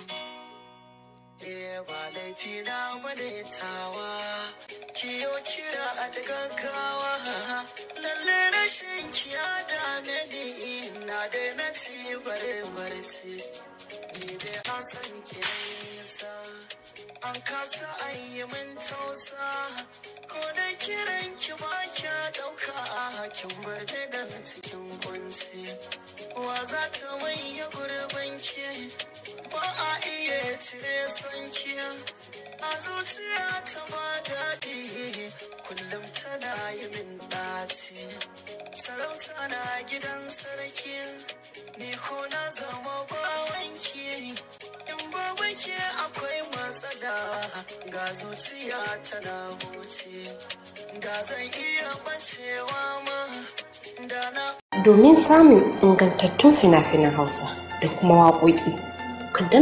Eh, ba laifi na madaitawa kiyo kira a gaggawa lalle rashin kiya da na ni na da ci bare barci ni dai an san nisa an kasa an min tausa ko da kiran ki ba kya dauka a hakin bar da cikin kwanci wa za ta maye gurbin cire sanciya a zuciya ta ba daɗi kullum tana yi min ɗaci sarauta na gidan sarki ni ko na zama bawanki in babu ke akwai matsala ga zuciya tana huce da zan iya bacewa ma da na domin samun ingantattun fina-finan hausa da kuma waƙoƙi